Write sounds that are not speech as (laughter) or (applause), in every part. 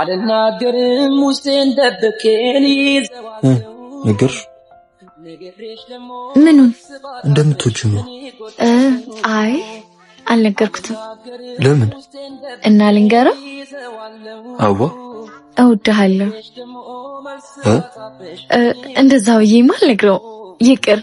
አልናገርም ውስጤን ደብቄ ይዘዋለሁ። ነገርሽ ምኑን እንደምትወጂው ነው? አይ አልነገርኩትም። ለምን? እና ልንገረው? አዋ እወድሃለሁ። እንደዛ ብዬማ ማልነግረው ይቅር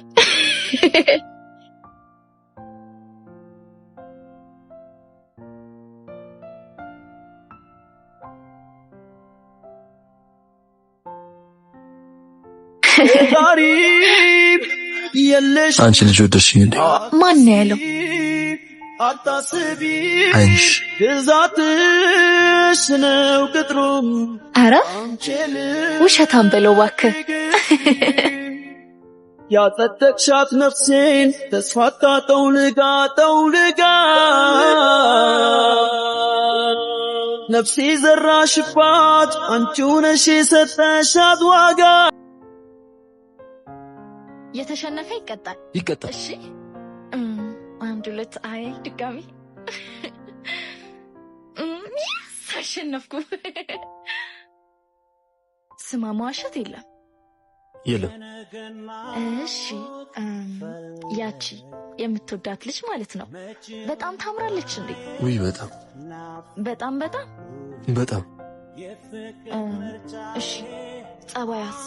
አንቺ ልጅ ወደድሽኝ እንዴ? ማን ነው ያለው? አይንሽ ኧረ ውሸታም በለው እባክህ። ያጸደቅሻት ነፍሴን ተስፋ አጣጠው ልጋ ጠው ልጋ ነፍሴ ዘራሽባት አንቺው ነሽ የሰጠሻት ዋጋ የተሸነፈ ይቀጣል ይቀጣል። እሺ አንድ ሁለት። አይ ድጋሚ አሸነፍኩ። ስማ መዋሸት የለም የለም። እሺ ያቺ የምትወዳት ልጅ ማለት ነው። በጣም ታምራለች እንዴ? ውይ በጣም በጣም በጣም በጣም። እሺ ጸባያስ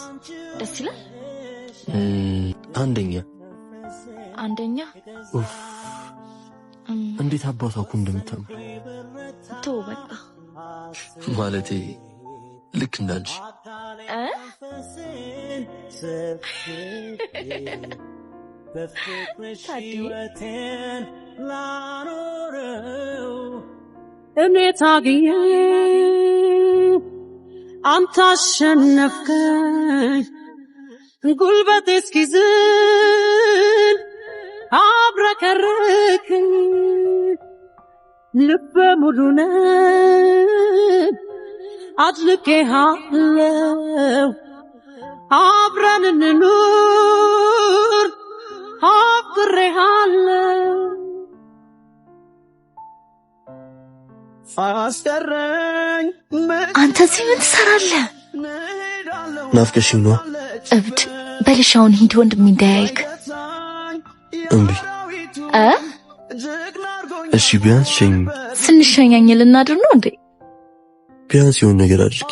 ደስ ይላል አንደኛ አንደኛ እንዴት አባቷ እኮ እንደምታምር ቶ በቃ ማለቴ ልክ እንዳንቺ እኔት አግኝ አንተ አሸነፍከኝ ጉልበት እስኪዝል አብረከረክን ልበ ሙሉነ አድልቄሃለው አብረን እንኑር አብሬሃለው አስቀረኝ። አንተ እዚህ ምን ትሰራለህ? ናፍቀሽኝ ነዋ እብድ በልሻውን ሂድ ወንድም እንዳያይክ። እምቢ እ እሺ ቢያንስ ሸኝ ስንሸኛኝ ልናድር ነው እንዴ? ቢያንስ የሆነ ነገር አድርጊ።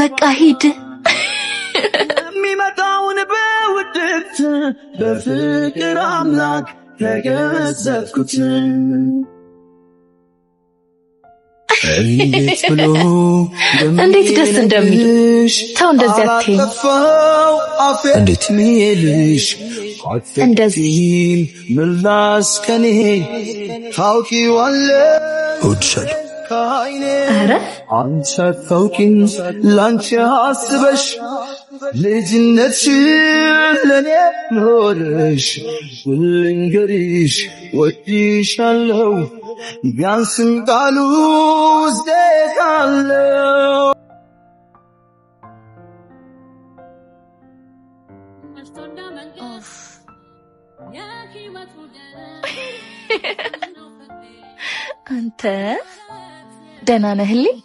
በቃ ሂድ። የሚመጣውን በውድት በፍቅር አምላክ ተገዘትኩት። እንዴት ደስ እንደሚል ተው፣ እንደዚህ አትይም። እንዴት እንደዚህ እወድሻለሁ። ኧረ አንቺ አታውቂም፣ ላንቺ አስበሽ ልጅነትሽን ለኔ ኖረሽ፣ ልንገሪሽ ወድሻለሁ ቢያንስም ቃሉ ውስጤት አለው። አንተ ደህና ነህልኝ?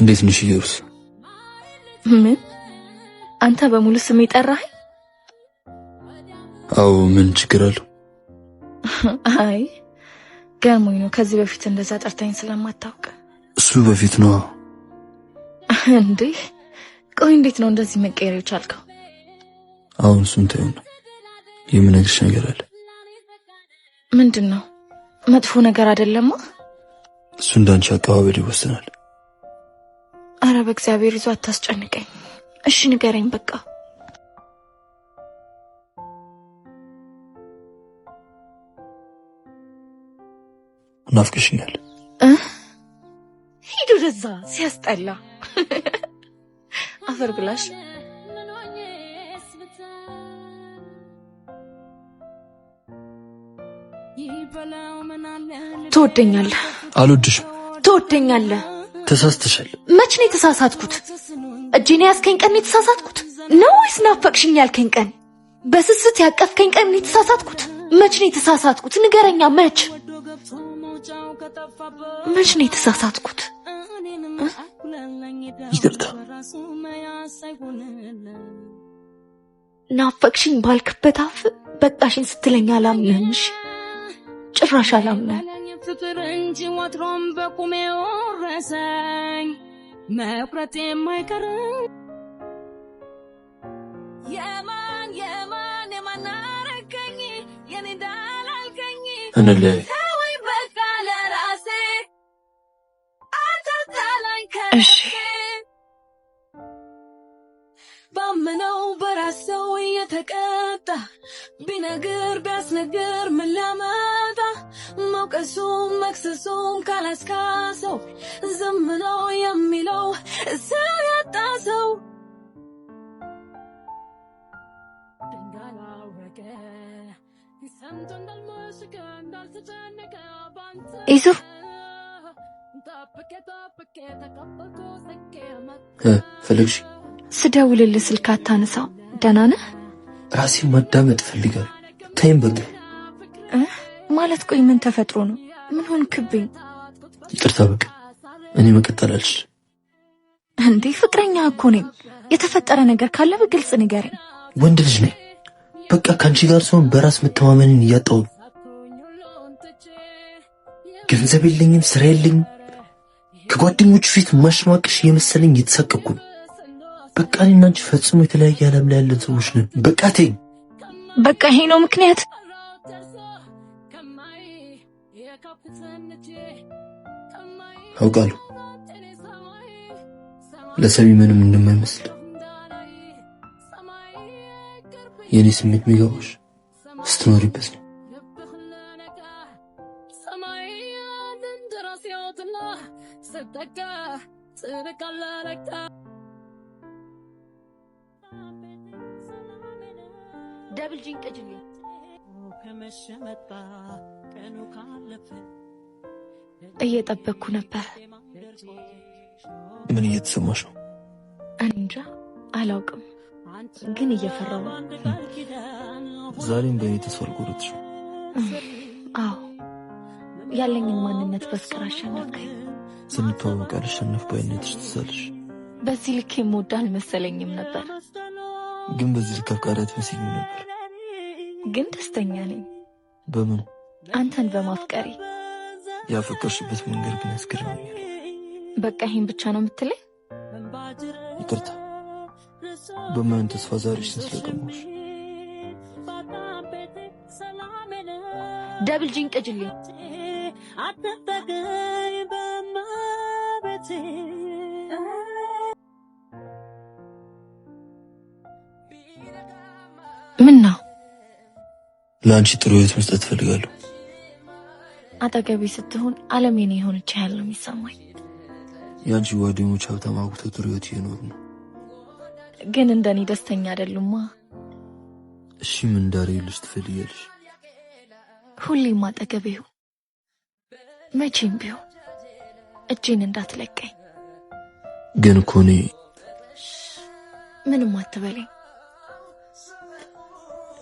እንዴት ነሽ ሩስ? ምን አንተ በሙሉ ስም ይጠራህ? አዎ ምን ችግር አለው? አይ ገርሞኝ ነው። ከዚህ በፊት እንደዛ ጠርታኝ ስለማታውቅ እሱ በፊት ነው እንዴ? ቆይ እንዴት ነው እንደዚህ መቀየር የቻልከው? አሁን እሱን ተይው ነው የምነግርሽ ነገር አለ። ምንድን ነው? መጥፎ ነገር አይደለማ። እሱ እንዳንቺ አቀባበል ይወሰናል? አረ በእግዚአብሔር ይዞ አታስጨንቀኝ። እሺ ንገረኝ በቃ ናፍቅሽኛል። ሂድ ወደዛ፣ ሲያስጠላ (laughs) አፈር ብላሽ። ትወደኛለህ? አልወድሽም። ትወደኛለህ? ተሳስተሻል። መች ነው የተሳሳትኩት? እጄን ያስከኝ ቀን የተሳሳትኩት ነው ወይስ ናፈቅሽኝ ያልከኝ ቀን? በስስት ያቀፍከኝ ቀን የተሳሳትኩት? መች ነው የተሳሳትኩት? ንገረኛ መች ምንሽ ነው የተሳሳትኩት? ይቅርታ ናፈቅሽኝ ባልክበት አፍ በቃሽን ስትለኝ አላምንሽ፣ ጭራሽ አላምነን። ፍቅር እንጂ ወትሮም በቁሜ ወረሰኝ መቁረጥ የማይቀር የማን የማን የማናረከኝ የኔ ዳላልከኝ እንለያይ እሺ ባመነው በራሰው እየተቀጣ ቢነግር ቢያስነግር ምን ሊያመጣ መውቀሱም መክሰሱም ካላስካሰው ዝም ነው የሚለው ሰው ያጣ ሰው እንዳላወቀ ፈለግሽ? ስደውልልህ ስልክ አታነሳው። ደህና ነህ? ራሴን ማዳመጥ ፈልጋለሁ። ታይም በቃ ማለት ቆይ፣ ምን ተፈጥሮ ነው? ምን ሆንክብኝ? ይቅርታ በቃ እኔ መቀጠል እንዴ ፍቅረኛ እኮ ነኝ። የተፈጠረ ነገር ካለ በግልጽ ንገረኝ። ወንድ ልጅ ነኝ። በቃ ከአንቺ ጋር ሲሆን በራስ መተማመንን እያጣሁ ነው። ገንዘብ የለኝም፣ ስራ የለኝም ከጓደኞቹ ፊት ማሽማቅሽ የመሰለኝ የተሳቀቅኩኝ። በቃ እኔና ፈጽሞ የተለያየ ዓለም ላይ ያለን ሰዎች ነን። በቃ ተይኝ። በቃ ይሄ ነው ምክንያት። አውቃለሁ ለሰሚ ምንም እንደማይመስል የእኔ ስሜት የሚገባሽ ስትኖሪበት ነው። ለካ ጽድቅ አለ ደብል ከመሸ መጣ ቀኑ ካለፈ እየጠበቅኩ ነበር። ምን እየተሰማሽ ነው? እንጃ አላውቅም፣ ግን እየፈራሁ ዛሬም በእኔ ተስፋ አልቆረጥሽም? አዎ ያለኝን ማንነት በፍቅር አሸነፍከኝ። ስንተዋወቅ አልሸነፍ ባይነትሽ ትሳለሽ። በዚህ ልክ የምወድ አልመሰለኝም ነበር፣ ግን በዚህ ልክ አፍቃሪ አትመስይም ነበር። ግን ደስተኛ ነኝ። በምን? አንተን በማፍቀሬ። ያፈቀርሽበት መንገድ ግን ያስገርመኛል። በቃ ይህን ብቻ ነው የምትለኝ? ይቅርታ በማን ተስፋ ዛሬሽን ስለቀማሽ ደብል ጅንቅ ጅንቅጅልኝ ምን ነው? ለአንቺ ጥሩ ህይወት መስጠት እፈልጋለሁ። አጠገቢ ስትሆን ዓለም የኔ የሆነች ያለው የሚሰማኝ። የአንቺ ጓደኞች ሀብታም አጉተው ጥሩ ህይወት እየኖሩ ነው፣ ግን እንደኔ ደስተኛ አይደሉማ። እሺ ምን ዳሬ ልሽ ትፈልጊያለሽ? ሁሌም አጠገቤው መቼም ቢሆን እጄን እንዳትለቀኝ። ግን እኮ እኔ ምንም አትበለኝ።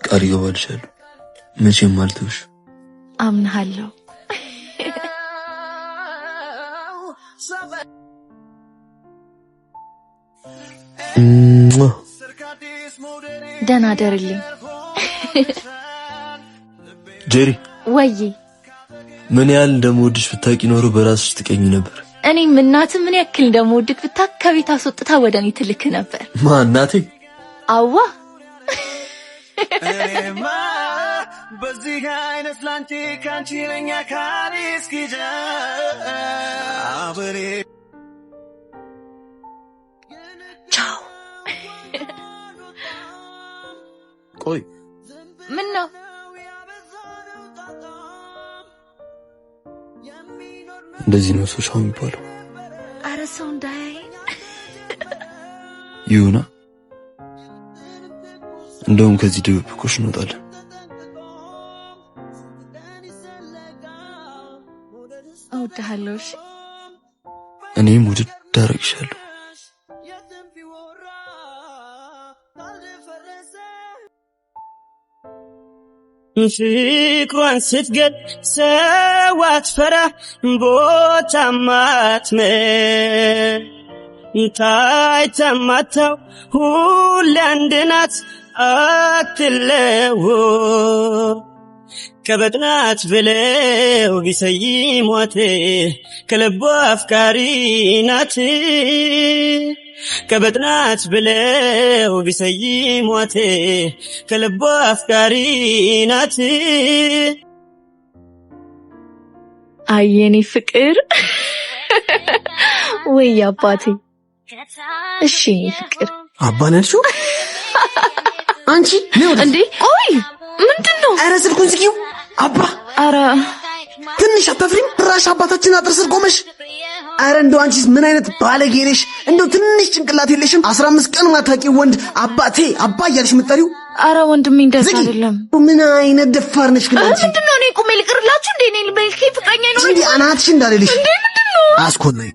ቃል እገባልሻለሁ፣ መቼም አልተውሽ። አምናሃለሁ። ደህና ደርልኝ ጄሪ። ወይ ምን ያህል እንደምወድሽ ብታቂ ኖሮ በራስሽ ትቀኝ ነበር። እኔም እናት ምን ያክል እንደምወድክ ብታውቅ ከቤት አስወጥታ ወደ እኔ ትልክ ነበር። ማን እናቴ? አዋ በዚህ አይነት ላንቺ ካንቺ ካሪ ቆይ ምን ነው እንደዚህ ነው ሰው ሻው የሚባለው። አረ ሰው እንዳይ ይሁና። እንደውም ከዚህ ድብብቆሽ እንወጣለን። እወድሃለሁ። እኔም ውድድ አደርግሻለሁ። ፍቅሯን ስትገድ ሰው አትፈራ ቦታ ማትመር ሁሌ አንድ ናት አትለወጥ ከበጥናት ብለው ቢሰይሟት ከልቦ አፍቃሪ ናት። ከበጥናት ብለው ቢሰይሟት ከልቦ አፍቃሪ ናት። አየኔ ፍቅር ወይ አባቴ! እሺ ፍቅር አባ አንቺ ነው እንዴ? ቆይ ምንድን አረ ስልኩን ዝጊው አባ። አረ ትንሽ አታፍሪም? ራሽ አባታችን አጥር ስር ቆመሽ። አረ እንደው አንቺስ ምን አይነት ባለጌ ነሽ? እንደው ትንሽ ጭንቅላት የለሽም? አስራ አምስት ቀን ማታቂ ወንድ አባቴ አባ እያልሽ የምትጠሪው። አረ ወንድሜ እንደዛ አይደለም። ምን አይነት ደፋር ነሽ ግን አንቺ። ምንድን ነው እኔ ቁሜ ልቅርላችሁ እንዴ? እኔ ልበልኪ ፍቃኛ ነው እንዴ? አናትሽ እንዳልልሽ እንዴ? ምንድን ነው አስኮናይ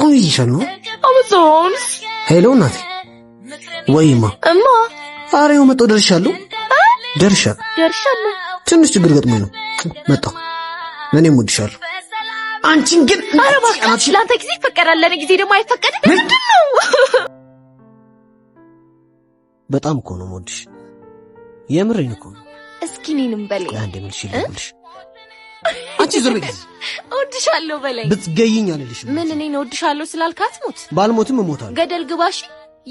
ቆይ ይሻሉ አመጾንስ ሄሎ እናቴ ወይማ እማ አሬው መጥቶ ደርሻለሁ ደርሻ ደርሻለሁ። ትንሽ ችግር ገጥሞኝ ነው መጣሁ። እኔም ወድሻለሁ። አንቺን ግን ኧረ እባክሽ፣ ለአንተ ጊዜ ይፈቀዳል፣ ለእኔ ጊዜ ደግሞ አይፈቀድም። ምንድን ነው? (laughs) በጣም እኮ ነው የምወድሽ። የምሬን እኮ ነው። እስኪ እኔንም በለኝ አንድ ምልሽ ይልሽ አንቺ ዞር በይ። እወድሻለሁ በለኝ። ብትገይኝ አልልሽ። ምን እኔን እወድሻለሁ ስላልካት ሞት ባልሞትም እሞታለሁ። ገደል ግባሽ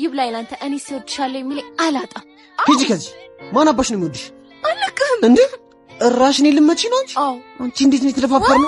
ይብላኝ። ላንተ። እኔ ሲወድሻለሁ የሚለኝ አላጣም። ሂጂ ከዚህ ማን አባሽ ነው የሚወድሽ? አልነካህም እንዴ? እራሽ እኔ ልመችሽ ነው እንጂ አንቺ እንዴት ነው የተደፋፈር ነው